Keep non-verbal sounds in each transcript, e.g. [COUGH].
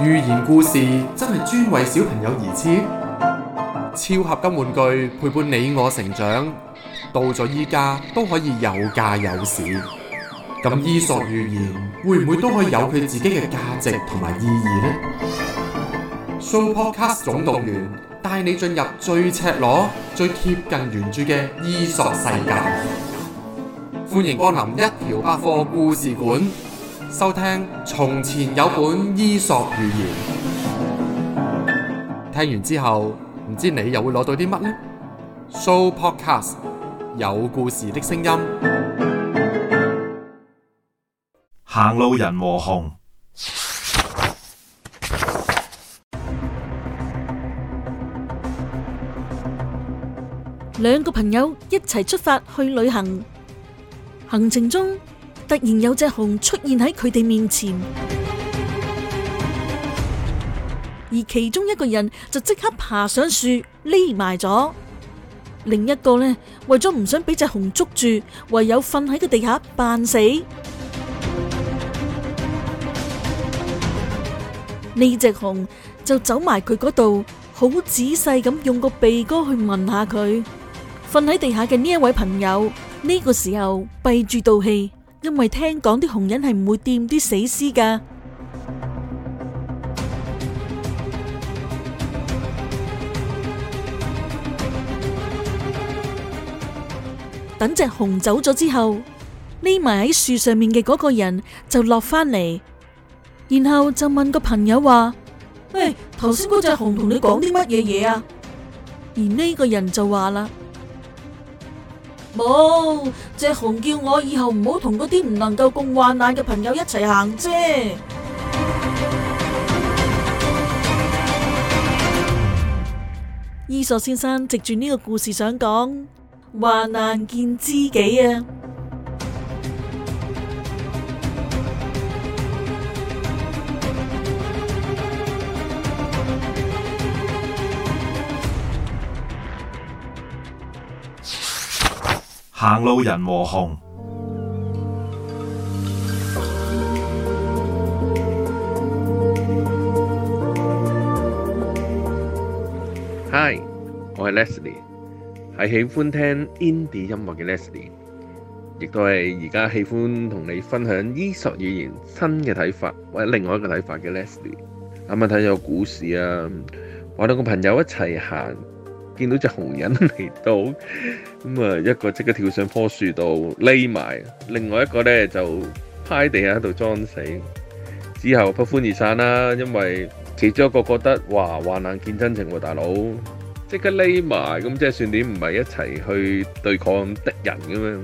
寓言故事真係專為小朋友而設，超合金玩具陪伴你我成長，到咗依家都可以有價有市。咁伊索寓言會唔會都可以有佢自己嘅價值同埋意義呢？Sooopodcast 總動員帶你進入最赤裸、最貼近原著嘅伊索世界，歡迎光臨一條百貨故事館。收聽從前有本伊索寓言，聽完之後唔知你又會攞到啲乜呢？Sooo Podcast 有故事的聲音。行路人和熊，兩個朋友一齊出發去旅行，行程中。突然有隻熊出現喺佢哋面前，而其中一個人就即刻爬上樹匿埋咗，另一個呢，為咗唔想俾隻熊捉住，唯有瞓喺個地下扮死。呢隻 [MUSIC] 熊就走埋佢嗰度，好仔細咁用個鼻哥去聞下佢。瞓喺地下嘅呢一位朋友呢，呢個時候閉住道氣。因為聽講啲熊人係唔會掂啲死屍㗎，等隻熊走咗之後，匿埋喺樹上面嘅嗰個人就落返嚟，然後就問個朋友話：喂、欸，頭先嗰隻熊同你講啲乜嘢嘢啊？而呢個人就話啦。冇，隻熊叫我以後唔好同嗰啲唔能夠共患難嘅朋友一齊行啫。伊索先生藉住呢個故事想講，患難見知己啊。行路人和熊。Hi，我係 Leslie，係喜歡聽 Indie 音樂嘅 Leslie，亦都係而家喜歡同你分享伊索寓言新嘅睇法或者另外一個睇法嘅 Leslie。啱啱睇咗個故事啊，我兩個朋友一齊行。見到隻熊嚟到，咁啊一個即刻跳上棵樹度匿埋，另外一個咧就趴喺地下度裝死。之後不歡而散啦，因為其中一個覺得，哇，患難見真情喎，大佬即刻匿埋，咁即係算點，唔係一齊去對抗敵人咁樣。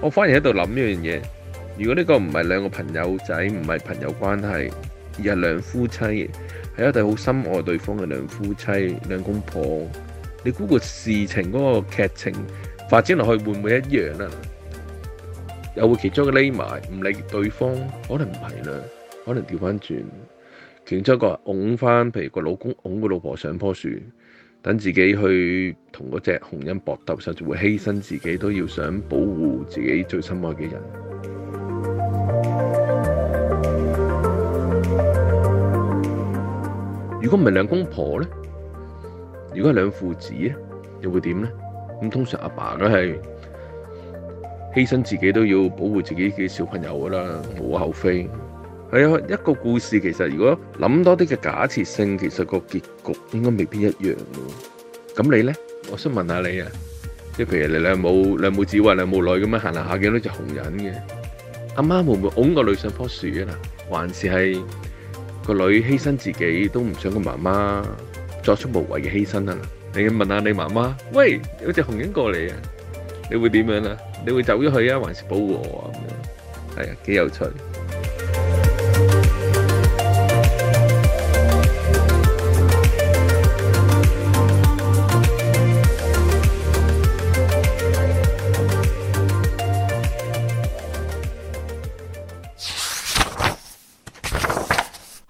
我反而喺度諗呢樣嘢。如果呢個唔係兩個朋友仔，唔係朋友關係，而係兩夫妻，係一對好深愛的對方嘅兩夫妻，兩公婆，你估個事情嗰個劇情發展落去會唔會一樣咧？啊？又會其中一個匿埋唔理對方，可能唔係啦，可能調翻轉，其中一個拱翻，譬如個老公拱個老婆上棵樹，等自己去同嗰隻紅人搏鬥，甚至會犧牲自己，都要想保護自己最深愛嘅人。如果唔係兩公婆咧，如果係兩父子咧，又會點咧？咁通常阿爸、爸都係犧牲自己都要保護自己嘅小朋友噶啦，無可厚非。係啊，一個故事其實如果諗多啲嘅假設性，其實個結局應該未必一樣咯。咁你咧，我想問下你啊，即係譬如你兩母兩母子或者兩母女咁樣行下下，見到隻熊人嘅，阿媽、媽會唔會拱個女上棵樹啊？還是係？個女犧牲自己都唔想個媽媽作出無謂嘅犧牲啦。你要問下你媽媽，喂，有隻紅鷹過嚟啊，你會點樣啦？你會走咗去啊，還是保護我啊？咁樣，係啊，幾有趣。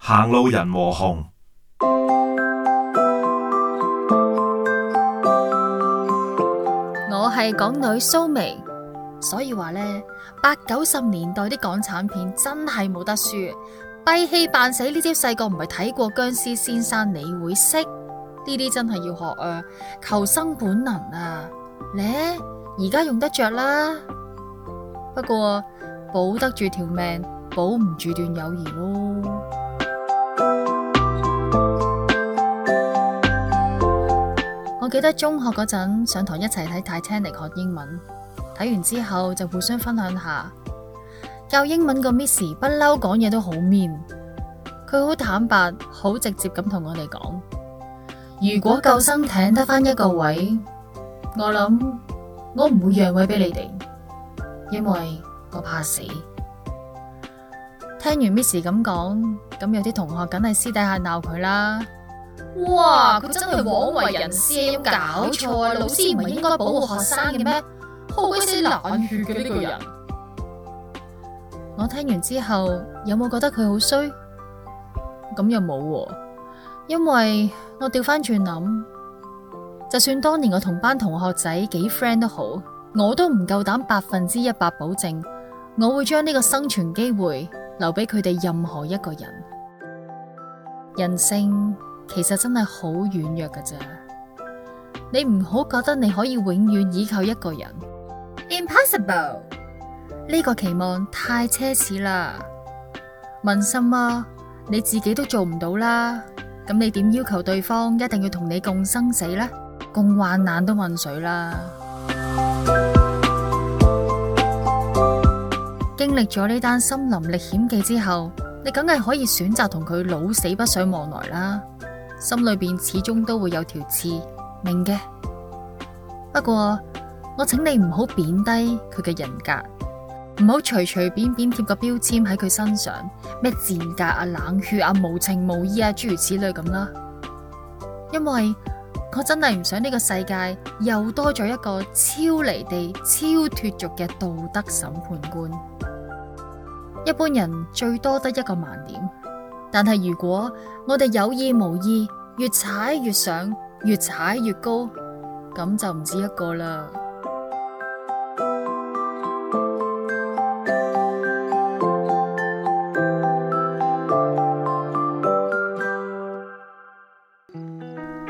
行路人和熊，我係港女蘇眉，所以話咧，八九十年代啲港產片真係冇得輸，閉氣扮死呢招，細個唔係睇過僵屍先生，你會識呢啲真係要學啊，求生本能啊咧，而家用得着啦。不過保得住條命，保唔住段友誼咯。我記得中學嗰陣上堂一齊睇《Titanic》學英文，睇完之後就互相分享下。教英文個 Miss 不嬲講嘢都好 mean，佢好坦白、好直接咁同我哋講：如果救生艇得翻一個位，我諗我唔會讓位俾你哋，因為我怕死。聽完 Miss 咁講，咁有啲同學梗係私底下鬧佢啦。哇！佢真係枉為人師，搞錯啊！老師唔係應該保護學生嘅咩？好鬼死冷血嘅呢個人！我聽完之後有冇覺得佢好衰？咁又冇喎，因為我調翻轉諗，就算當年我同班同學仔幾 friend 都好，我都唔夠膽百分之一百保證我會將呢個生存機會留俾佢哋任何一個人。人性。其實真係好軟弱噶咋，你唔好覺得你可以永遠依靠一個人。Impossible，呢個期望太奢侈啦。問心啊，你自己都做唔到啦，咁你點要求對方一定要同你共生死呢？共患難都混水啦。 [MUSIC] 經歷咗呢單森林歷險記之後，你梗係可以選擇同佢老死不相往來啦。心裏邊始終都會有條刺，明嘅。不過我請你唔好貶低佢嘅人格，唔好隨隨便便貼個標籤喺佢身上，咩賤格啊、冷血啊、無情無義啊，諸如此類咁啦。因為我真係唔想呢個世界又多咗一個超離地、超脫俗嘅道德審判官。一般人最多得一個盲點，但係如果我哋有意無意。越踩越上，越踩越高，咁就唔止一個啦。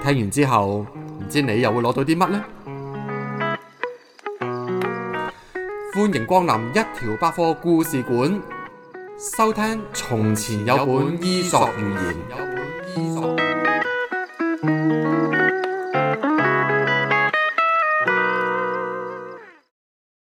聽完之後，唔知你又會攞到啲乜呢？歡迎光臨一條百貨故事館，收聽從前有本伊索寓言。